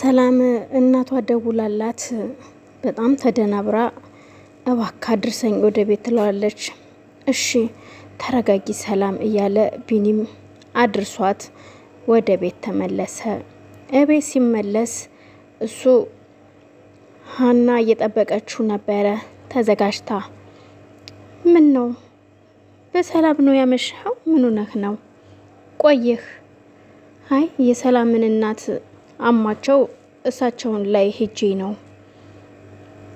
ሰላም እናቷ ደውላላት በጣም ተደናብራ እባካ አድርሰኝ ወደ ቤት ትለዋለች። እሺ ተረጋጊ ሰላም እያለ ቢኒም አድርሷት ወደ ቤት ተመለሰ። እቤት ሲመለስ እሱ ሀና እየጠበቀችው ነበረ ተዘጋጅታ። ምን ነው በሰላም ነው ያመሸኸው? ምኑ ነህ ነው ቆየህ? አይ የሰላምን እናት አማቸው እሳቸውን ላይ ሄጄ ነው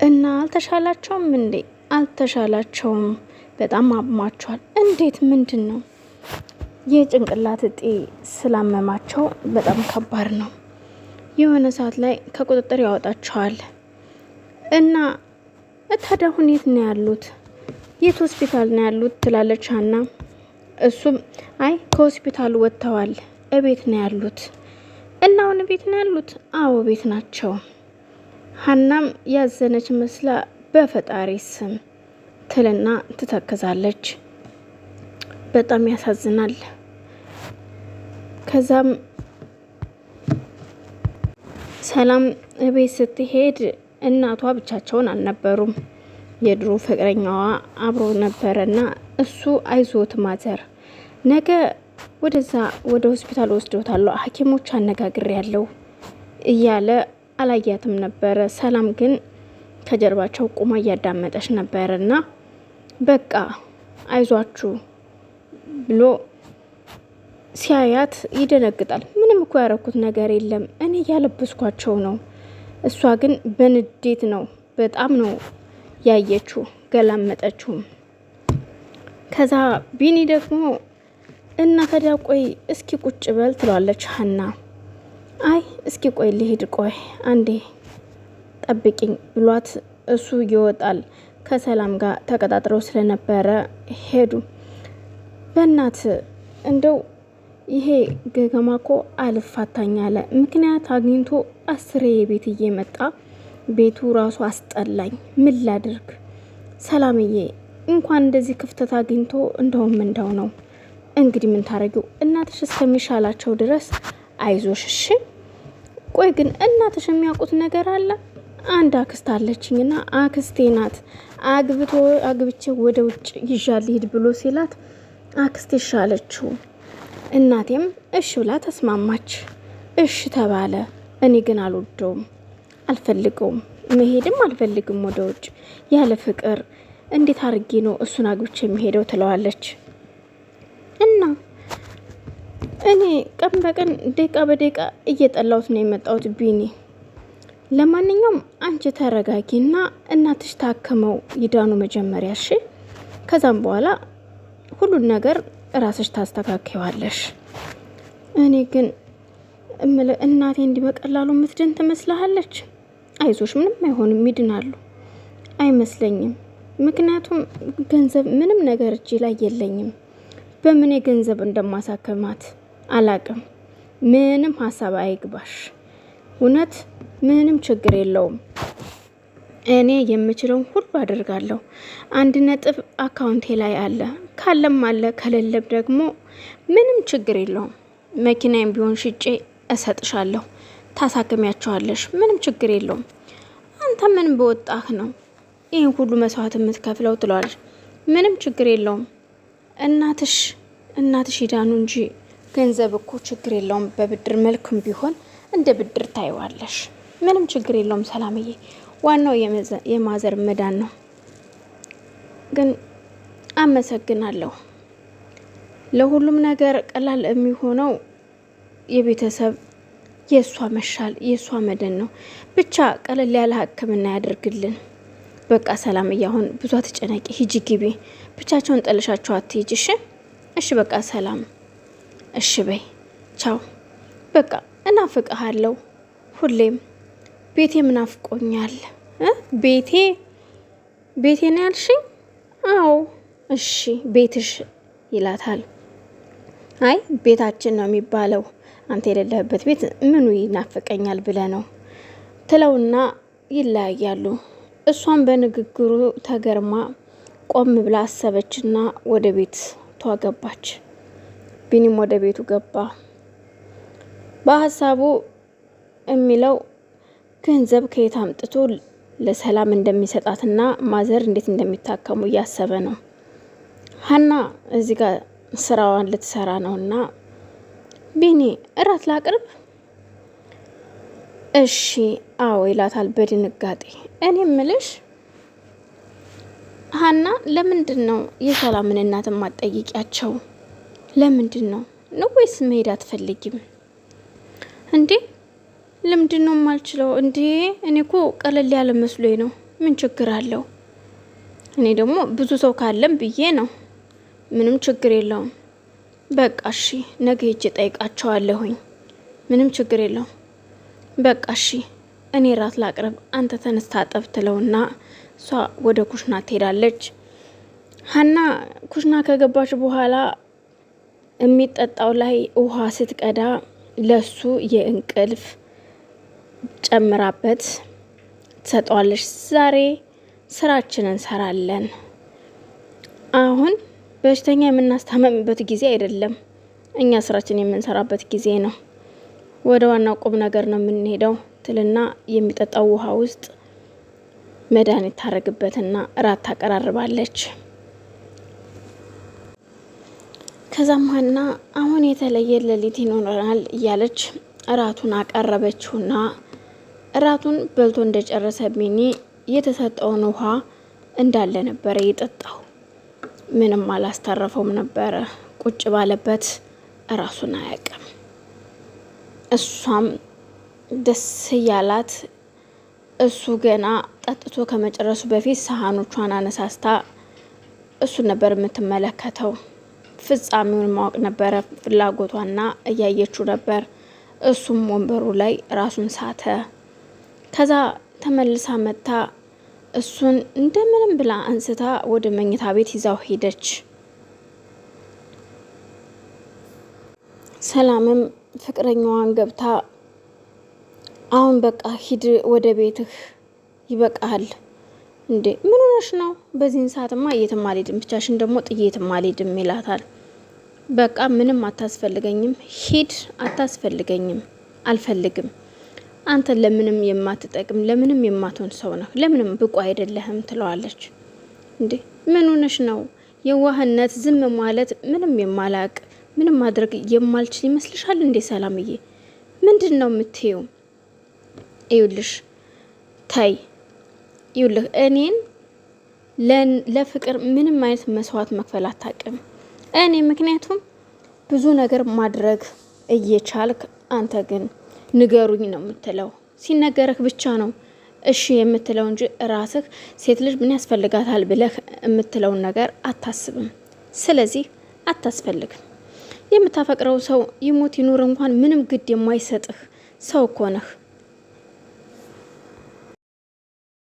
እና አልተሻላቸውም እንዴ? አልተሻላቸውም፣ በጣም አማቸዋል። እንዴት? ምንድን ነው? የጭንቅላት እጤ ስላመማቸው በጣም ከባድ ነው። የሆነ ሰዓት ላይ ከቁጥጥር ያወጣቸዋል እና ታዲያ አሁን የት ነው ያሉት? የት ሆስፒታል ነው ያሉት ትላለች ሀና። እሱም አይ ከሆስፒታሉ ወጥተዋል፣ እቤት ነው ያሉት እና አሁን ቤት ነው ያሉት? አዎ ቤት ናቸው። ሀናም ያዘነች መስላ በፈጣሪ ስም ትልና ትተክዛለች። በጣም ያሳዝናል። ከዛም ሰላም ቤት ስትሄድ እናቷ ብቻቸውን አልነበሩም። የድሮ ፍቅረኛዋ አብሮ ነበረና እሱ አይዞት ማዘር ነገ ወደዛ ወደ ሆስፒታል ወስዶታል። ሐኪሞች አነጋግር ያለው እያለ አላያትም ነበረ። ሰላም ግን ከጀርባቸው ቁማ እያዳመጠች ነበረ እና በቃ አይዟችሁ ብሎ ሲያያት ይደነግጣል። ምንም እኮ ያረኩት ነገር የለም እኔ እያለበስኳቸው ነው። እሷ ግን በንዴት ነው በጣም ነው ያየችው፣ ገላመጠችውም። ከዛ ቢኒ ደግሞ እና ታዲያ ቆይ እስኪ ቁጭ በል ትለዋለች ሀና። አይ እስኪ ቆይ ልሂድ፣ ቆይ አንዴ ጠብቂኝ ብሏት እሱ ይወጣል። ከሰላም ጋር ተቀጣጥረው ስለነበረ ሄዱ። በእናት እንደው ይሄ ገገማ እኮ አልፋታኝ አለ። ምክንያት አግኝቶ አስሬ ቤት እየመጣ ቤቱ ራሱ አስጠላኝ። ምን ላድርግ ሰላምዬ፣ እንኳን እንደዚህ ክፍተት አግኝቶ እንደውም እንደው ነው እንግዲህ ምን ታረጊው፣ እናትሽ እስከሚሻላቸው ድረስ አይዞሽ እሺ። ቆይ ግን እናትሽ የሚያውቁት ነገር አለ? አንድ አክስት አለችኝና አክስቴ ናት አግብቶ አግብቼ ወደ ውጭ ይዣ ልሂድ ብሎ ሲላት አክስቴ ሻለችው። እናቴም እሺ ብላ ተስማማች። እሺ ተባለ። እኔ ግን አልወደውም፣ አልፈልገውም፣ መሄድም አልፈልግም ወደ ውጭ ያለ ፍቅር። እንዴት አድርጌ ነው እሱን አግብቼ የሚሄደው? ትለዋለች እና እኔ ቀን በቀን ደቂቃ በደቂቃ እየጠላሁት ነው የመጣሁት ቢኒ። ለማንኛውም አንቺ ተረጋጊ እና እናትሽ ታክመው ይዳኑ መጀመሪያ እሺ። ከዛም በኋላ ሁሉን ነገር ራስሽ ታስተካክዋለሽ። እኔ ግን እናቴ እንዲህ በቀላሉ የምትድን ትመስልሃለች? አይዞሽ፣ ምንም አይሆንም፣ ይድናሉ። አይመስለኝም፣ ምክንያቱም ገንዘብ ምንም ነገር እጅ ላይ የለኝም። በምን ገንዘብ እንደማሳከማት አላቅም። ምንም ሀሳብ አይግባሽ። እውነት ምንም ችግር የለውም። እኔ የምችለውን ሁሉ አደርጋለሁ። አንድ ነጥብ አካውንቴ ላይ አለ። ካለም አለ ከሌለም ደግሞ ምንም ችግር የለውም። መኪናዬም ቢሆን ሽጬ እሰጥሻለሁ። ታሳክሚያቸዋለሽ። ምንም ችግር የለውም። አንተ ምን በወጣህ ነው ይህን ሁሉ መስዋዕት የምትከፍለው? ትለዋለች። ምንም ችግር የለውም። እናትሽ እናትሽ ሂዳኑ እንጂ ገንዘብ እኮ ችግር የለውም በብድር መልክም ቢሆን እንደ ብድር ታይዋለሽ። ምንም ችግር የለውም ሰላምዬ፣ ዋናው የማዘር መዳን ነው። ግን አመሰግናለሁ። ለሁሉም ነገር ቀላል የሚሆነው የቤተሰብ የእሷ መሻል የእሷ መደን ነው። ብቻ ቀለል ያለ ሕክምና ያደርግልን። በቃ ሰላምዬ፣ አሁን ብዙ አትጨነቂ፣ ሂጂ ግቢ። ብቻቸውን ጠልሻቸው አትሂጅ። እሺ እሺ፣ በቃ ሰላም። እሺ በይ ቻው። በቃ እናፍቅሃለሁ። ሁሌም ቤቴ ምናፍቆኛል። ቤቴ ቤቴ ነው ያልሽኝ? አዎ። እሺ ቤትሽ ይላታል። አይ ቤታችን ነው የሚባለው፣ አንተ የሌለህበት ቤት ምኑ ይናፍቀኛል ብለ ነው ትለውና ይለያያሉ። እሷን በንግግሩ ተገርማ ቆም ብላ አሰበችና ወደ ቤት ገባች። ቢኒም ወደ ቤቱ ገባ። በሀሳቡ የሚለው ገንዘብ ከየት አምጥቶ ለሰላም እንደሚሰጣትና ማዘር እንዴት እንደሚታከሙ እያሰበ ነው። ሀና እዚህ ጋር ስራዋን ልትሰራ ነውና ቢኒ እራት ላቅርብ እሺ አዎ ይላታል በድንጋጤ እኔ ምልሽ ሀና ለምንድን ነው የሰላምን እናት ማጠይቂያቸው? ለምንድን ነው ነው ወይስ መሄድ አትፈልጊም እንዴ? ለምንድን ነው የማልችለው እንዴ? እኔ ኮ ቀለል ያለ መስሎኝ ነው። ምን ችግር አለው? እኔ ደግሞ ብዙ ሰው ካለም ብዬ ነው። ምንም ችግር የለውም። በቃ እሺ፣ ነገ ሄጄ ጠይቃቸዋለሁኝ። ምንም ችግር የለውም። በቃ እሺ፣ እኔ ራት ላቅርብ፣ አንተ ተነስታ ጠብትለውና? እሷ ወደ ኩሽና ትሄዳለች። ሀና ኩሽና ከገባች በኋላ የሚጠጣው ላይ ውሃ ስትቀዳ ለሱ የእንቅልፍ ጨምራበት ትሰጠዋለች። ዛሬ ስራችንን እንሰራለን። አሁን በሽተኛ የምናስታመምበት ጊዜ አይደለም፣ እኛ ስራችን የምንሰራበት ጊዜ ነው። ወደ ዋናው ቁም ነገር ነው የምንሄደው ትልና የሚጠጣው ውሃ ውስጥ መድኃኒት ታረግበትና እራት ታቀራርባለች። ከዛም ሀና አሁን የተለየ ሌሊት ይኖረናል እያለች እራቱን አቀረበችውና እራቱን በልቶ እንደጨረሰ ቢኒ የተሰጠውን ውሃ እንዳለ ነበረ የጠጣው። ምንም አላስተረፈውም ነበረ። ቁጭ ባለበት እራሱን አያውቅም። እሷም ደስ እያላት እሱ ገና ጠጥቶ ከመጨረሱ በፊት ሳህኖቿን አነሳስታ እሱን ነበር የምትመለከተው። ፍጻሜውን ማወቅ ነበረ ፍላጎቷና እያየችው ነበር። እሱም ወንበሩ ላይ ራሱን ሳተ። ከዛ ተመልሳ መጥታ እሱን እንደምንም ብላ አንስታ ወደ መኝታ ቤት ይዛው ሄደች። ሰላምም ፍቅረኛዋን ገብታ አሁን በቃ ሂድ ወደ ቤትህ፣ ይበቃሃል። እንዴ ምን ሆነሽ ነው? በዚህን ሰዓትማ የትም አልሄድም፣ ብቻሽን ደግሞ ጥዬ የትም አልሄድም ይላታል። በቃ ምንም አታስፈልገኝም፣ ሂድ፣ አታስፈልገኝም፣ አልፈልግም። አንተ ለምንም የማትጠቅም ለምንም የማትሆን ሰው ነው? ለምንም ብቁ አይደለህም ትለዋለች። እንዴ ምን ሆነሽ ነው? የዋህነት ዝም ማለት ምንም የማላቅ ምንም ማድረግ የማልችል ይመስልሻል እንዴ? ሰላምዬ ምንድን ነው የምትየው? ይውልሽ ታይ ይውልህ እኔን ለፍቅር ምንም አይነት መስዋዕት መክፈል አታቅም። እኔ ምክንያቱም ብዙ ነገር ማድረግ እየቻልክ አንተ ግን ንገሩኝ ነው የምትለው። ሲነገረህ ብቻ ነው እሺ የምትለው እንጂ ራስህ ሴት ልጅ ምን ያስፈልጋታል ብለህ የምትለውን ነገር አታስብም። ስለዚህ አታስፈልግም። የምታፈቅረው ሰው ይሞት ይኑር እንኳን ምንም ግድ የማይሰጥህ ሰው እኮ ነህ።